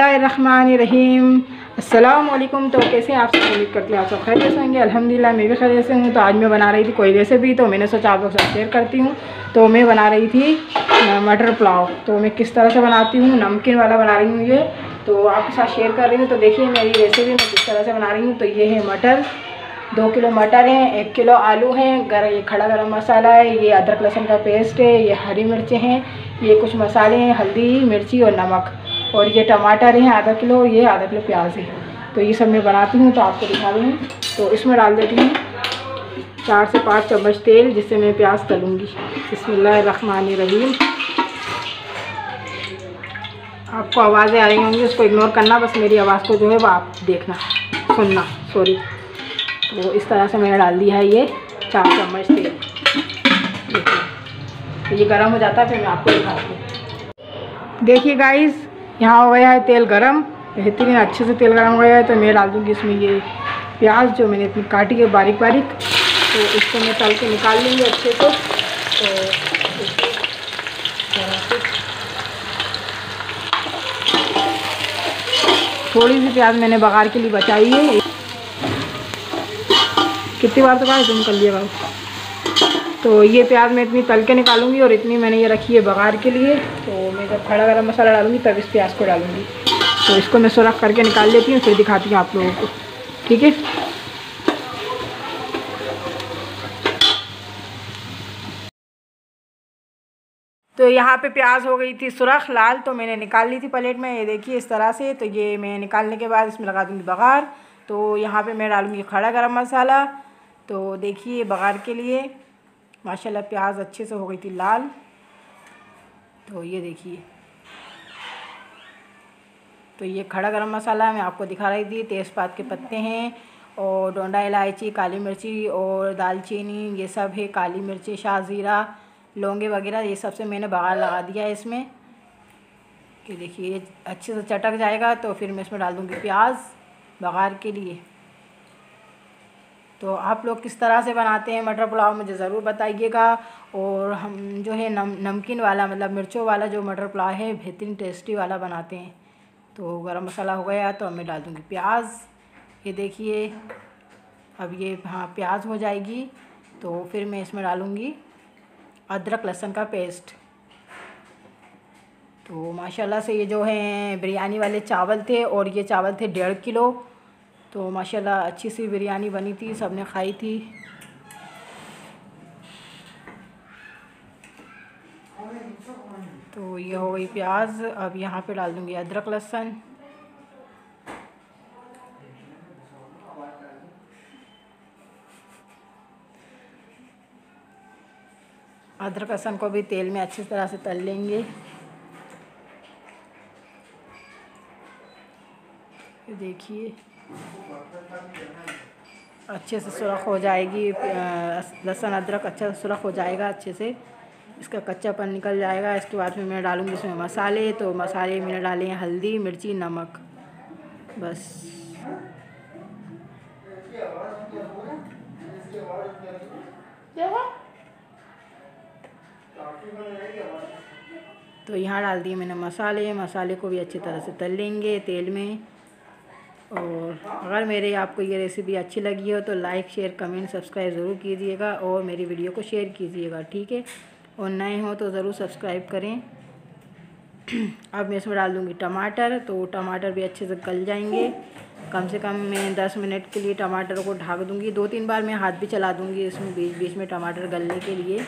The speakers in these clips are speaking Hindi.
बसमीम अल्लाम तो कैसे आप सब उम्मीद करती हूँ आप सब खैरियत से होंगे अल्हम्दुलिल्लाह मैं भी खैरियत से हूँ तो आज मैं बना रही थी कोई रेसिपी तो मैंने सोचा आप लोग साथ शेयर करती हूँ तो मैं बना रही थी मटर पुलाव तो मैं किस तरह से बनाती हूँ नमकीन वाला बना रही हूँ ये तो आपके साथ शेयर कर रही हूँ तो देखिए मेरी रेसिपी मैं किस तरह से बना रही हूँ तो ये है मटर दो किलो मटर हैं एक किलो आलू हैं गर ये खड़ा गरम मसाला है ये अदरक लहसुन का पेस्ट है ये हरी मिर्चें हैं ये कुछ मसाले हैं हल्दी मिर्ची और नमक और ये टमाटर हैं आधा किलो और ये आधा किलो प्याज है तो ये सब मैं बनाती हूँ तो आपको दिखा रही हूँ तो इसमें डाल देती हूँ चार से पाँच चम्मच तेल जिससे मैं प्याज तलूँगी रही आपको आवाज़ें आ रही होंगी उसको इग्नोर करना बस मेरी आवाज़ को जो है वो आप देखना सुनना सॉरी तो इस तरह से मैंने डाल दिया है ये चार चम्मच तेल तो ये गर्म हो जाता है फिर मैं आपको दिखाती हूँ देखिए गाइस यहाँ हो गया है तेल गरम बेहतरीन अच्छे से तेल गरम हो गया है तो मैं डाल दूँगी इसमें ये प्याज जो मैंने इतनी काटी है बारीक बारीक तो इसको मैं तल के निकाल लूँगी अच्छे से तो थोड़ी सी प्याज मैंने बघार के लिए बचाई है कितनी बार तो कहा तुम कर लिया भाई तो ये प्याज मैं इतनी तल के निकालूंगी और इतनी मैंने ये रखी है बघार के लिए तो मैं जब खड़ा गर्म मसाला डालूंगी तब इस प्याज को डालूंगी तो इसको मैं सुरख करके निकाल लेती हूँ फिर दिखाती हूँ आप लोगों को ठीक है तो यहाँ पे प्याज हो गई थी सुरख लाल तो मैंने निकाल ली थी प्लेट में ये देखिए इस तरह से तो ये मैं निकालने के बाद इसमें लगा दूँगी बघार तो यहाँ पे मैं डालूँगी खड़ा गरम मसाला तो देखिए बघार के लिए माशाल्लाह प्याज अच्छे से हो गई थी लाल तो ये देखिए तो ये खड़ा गरम मसाला मैं आपको दिखा रही थी तेज़पात के पत्ते हैं और डोंडा इलायची काली मिर्ची और दालचीनी ये सब है काली मिर्ची शाहज़ीरा लौंगे वगैरह ये सब से मैंने बघार लगा दिया है इसमें कि देखिए अच्छे से चटक जाएगा तो फिर मैं इसमें डाल दूँगी प्याज बघार के लिए तो आप लोग किस तरह से बनाते हैं मटर पुलाव मुझे ज़रूर बताइएगा और हम जो है नम नमकीन वाला मतलब मिर्चों वाला जो मटर पुलाव है बेहतरीन टेस्टी वाला बनाते हैं तो गरम मसाला हो गया तो मैं डाल दूँगी प्याज ये देखिए अब ये हाँ प्याज हो जाएगी तो फिर मैं इसमें डालूँगी अदरक लहसुन का पेस्ट तो माशाल्लाह से ये जो है बिरयानी वाले चावल थे और ये चावल थे डेढ़ किलो तो माशाल्लाह अच्छी सी बिरयानी बनी थी सब ने खाई थी तो ये हो गई प्याज अब यहाँ पे डाल दूँगी अदरक लहसन अदरक लहसन को भी तेल में अच्छी तरह से तल लेंगे देखिए अच्छे से सुरख हो जाएगी लहसुन अदरक अच्छा सुरख हो जाएगा अच्छे से इसका कच्चापन निकल जाएगा इसके बाद फिर मैं डालूँगी इसमें मसाले तो मसाले मैंने डाले हैं हल्दी मिर्ची नमक बस तो यहाँ डाल दिए मैंने मसाले मसाले को भी अच्छी तरह से तल लेंगे तेल में और अगर मेरे आपको ये रेसिपी अच्छी लगी हो तो लाइक शेयर कमेंट सब्सक्राइब ज़रूर कीजिएगा और मेरी वीडियो को शेयर कीजिएगा ठीक है और नए हो तो ज़रूर सब्सक्राइब करें अब मैं इसमें डाल दूँगी टमाटर तो टमाटर भी अच्छे से गल जाएंगे कम से कम मैं दस मिनट के लिए टमाटर को ढाक दूँगी दो तीन बार मैं हाथ भी चला दूँगी इसमें बीच बीच में टमाटर गलने के लिए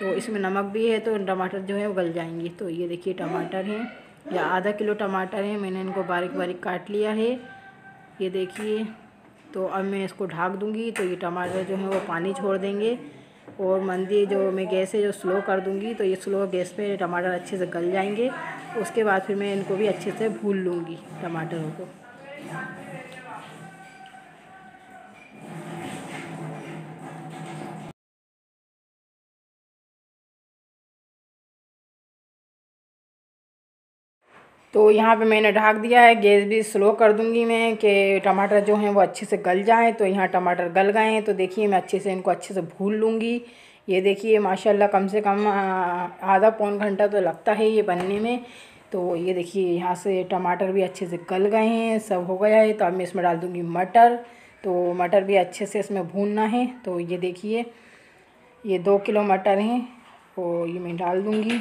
तो इसमें नमक भी है तो टमाटर जो है वो गल जाएंगे तो ये देखिए टमाटर हैं या आधा किलो टमाटर हैं मैंने इनको बारीक बारीक काट लिया है ये देखिए तो अब मैं इसको ढाक दूँगी तो ये टमाटर जो है वो पानी छोड़ देंगे और मंदी जो मैं गैस है जो स्लो कर दूँगी तो ये स्लो गैस पे टमाटर अच्छे से गल जाएंगे उसके बाद फिर मैं इनको भी अच्छे से भून लूँगी टमाटरों को तो यहाँ पे मैंने ढाक दिया है गैस भी स्लो कर दूँगी मैं कि टमाटर जो हैं वो अच्छे से गल जाएँ तो यहाँ टमाटर गल गए हैं तो देखिए मैं अच्छे से इनको अच्छे से भून लूँगी ये देखिए माशाल्लाह कम से कम आधा पौन घंटा तो लगता है ये बनने में तो ये देखिए यहाँ से टमाटर भी अच्छे से गल गए हैं सब हो गया है तो अब मैं इसमें डाल दूँगी मटर तो मटर भी अच्छे से इसमें भूनना है तो ये देखिए ये दो किलो मटर हैं तो ये मैं डाल दूँगी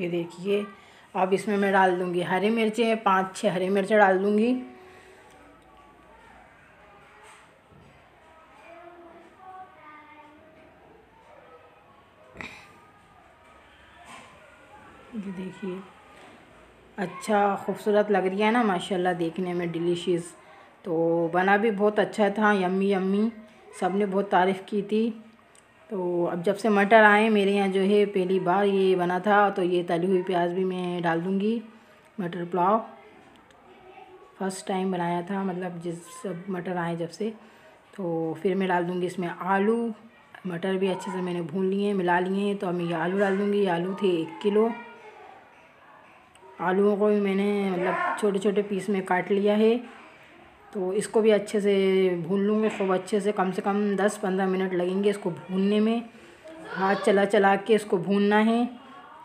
ये देखिए अब इसमें मैं डाल दूँगी हरी मिर्चें पाँच छः हरी मिर्चें डाल दूँगी ये देखिए अच्छा खूबसूरत लग रही है ना माशाल्लाह देखने में डिलीशियस तो बना भी बहुत अच्छा था यम्मी यम्मी सब ने बहुत तारीफ़ की थी तो अब जब से मटर आए मेरे यहाँ जो है पहली बार ये बना था तो ये तली हुई प्याज भी मैं डाल दूँगी मटर पुलाव फर्स्ट टाइम बनाया था मतलब जिस सब मटर आए जब से तो फिर मैं डाल दूँगी इसमें आलू मटर भी अच्छे से मैंने भून लिए मिला लिए हैं तो अब मैं ये आलू डाल दूँगी आलू थे एक किलो आलूओं को भी मैंने मतलब छोटे छोटे पीस में काट लिया है तो इसको भी अच्छे से भून लूँगी खूब अच्छे से कम से कम दस पंद्रह मिनट लगेंगे इसको भूनने में हाथ चला चला के इसको भूनना है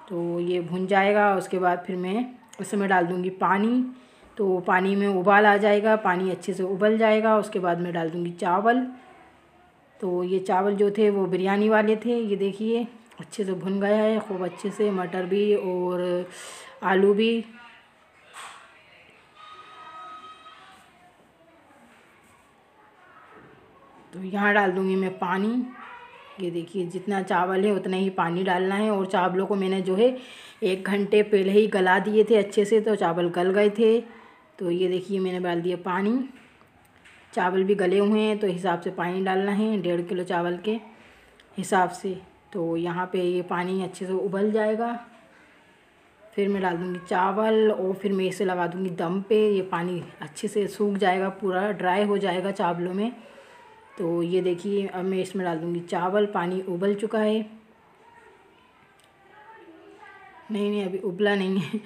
तो ये भून जाएगा उसके बाद फिर मैं उसमें डाल दूँगी पानी तो पानी में उबाल आ जाएगा पानी अच्छे से उबल जाएगा उसके बाद मैं डाल दूँगी चावल तो ये चावल जो थे वो बिरयानी वाले थे ये देखिए अच्छे से भुन गया है खूब अच्छे से मटर भी और आलू भी तो यहाँ डाल दूँगी मैं पानी ये देखिए जितना चावल है उतना ही पानी डालना है और चावलों को मैंने जो है एक घंटे पहले ही गला दिए थे अच्छे से तो चावल गल गए थे तो ये देखिए मैंने डाल दिया पानी चावल भी गले हुए हैं तो हिसाब से पानी डालना है डेढ़ किलो चावल के हिसाब से तो यहाँ पे ये पानी अच्छे से उबल जाएगा फिर मैं डाल दूँगी चावल और फिर मैं इसे लगा दूँगी दम पे ये पानी अच्छे से सूख जाएगा पूरा ड्राई हो जाएगा चावलों में तो ये देखिए अब मैं इसमें डाल दूँगी चावल पानी उबल चुका है नहीं नहीं अभी उबला नहीं है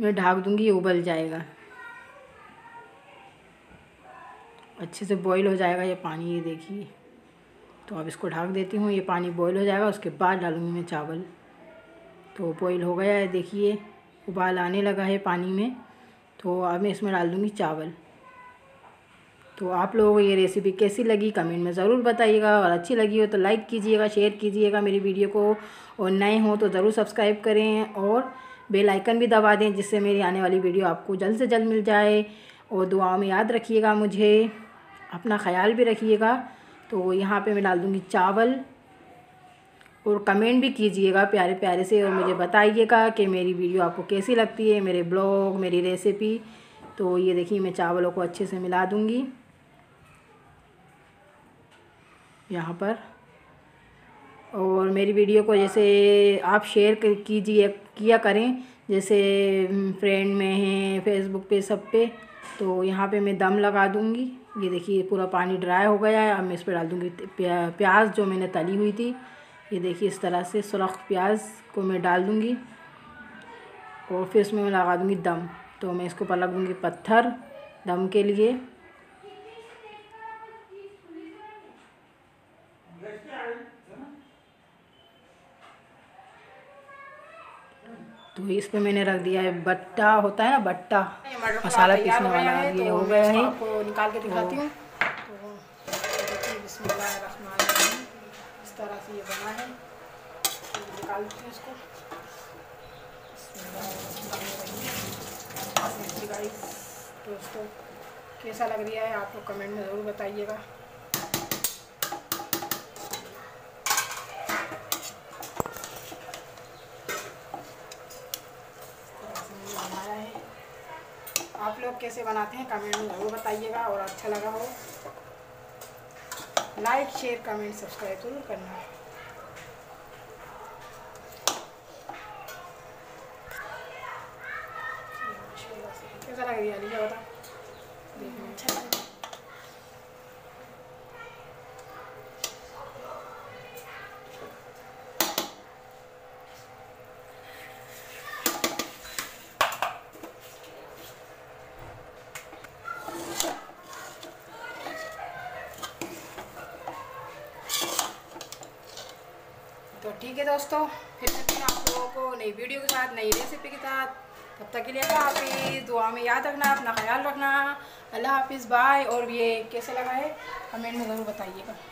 मैं ढाक दूँगी ये उबल जाएगा अच्छे से बॉईल हो जाएगा ये पानी ये देखिए तो अब इसको ढाक देती हूँ ये पानी बॉईल हो जाएगा उसके बाद डालूँगी मैं चावल तो बॉईल हो गया है देखिए उबाल आने लगा है पानी में तो अब मैं इसमें डाल दूँगी चावल तो आप लोगों को ये रेसिपी कैसी लगी कमेंट में ज़रूर बताइएगा और अच्छी लगी हो तो लाइक कीजिएगा शेयर कीजिएगा मेरी वीडियो को और नए हो तो ज़रूर सब्सक्राइब करें और बेल आइकन भी दबा दें जिससे मेरी आने वाली वीडियो आपको जल्द से जल्द मिल जाए और दुआओं में याद रखिएगा मुझे अपना ख्याल भी रखिएगा तो यहाँ पर मैं डाल दूँगी चावल और कमेंट भी कीजिएगा प्यारे प्यारे से और मुझे बताइएगा कि मेरी वीडियो आपको कैसी लगती है मेरे ब्लॉग मेरी रेसिपी तो ये देखिए मैं चावलों को अच्छे से मिला दूँगी यहाँ पर और मेरी वीडियो को जैसे आप शेयर कीजिए किया करें जैसे फ्रेंड में हैं फेसबुक पे सब पे तो यहाँ पे मैं दम लगा दूँगी ये देखिए पूरा पानी ड्राई हो गया है अब मैं इस पर डाल दूँगी प्या, प्याज जो मैंने तली हुई थी ये देखिए इस तरह से सुरख प्याज को मैं डाल दूँगी और फिर उसमें मैं लगा दूँगी दम तो मैं इसको पर दूँगी पत्थर दम के लिए अभी इस पर मैंने रख दिया है बट्टा होता है ना बट्टा मसाला पीसने वाला है ये तो हो गया है निकाल के दिखाती हूँ तो इसको तो कैसा लग रहा है आप लोग कमेंट में ज़रूर बताइएगा आप लोग कैसे बनाते हैं कमेंट में ज़रूर बताइएगा और अच्छा लगा हो लाइक शेयर कमेंट सब्सक्राइब जरूर करना ठीक है दोस्तों फिर मिलते हैं आप लोगों को नई वीडियो के साथ नई रेसिपी के साथ तब तक के लिए अल्लाह हाफिज़ दुआ में याद रखना अपना ख्याल रखना अल्लाह हाफिज़ बाय और ये कैसे लगा है कमेंट में ज़रूर बताइएगा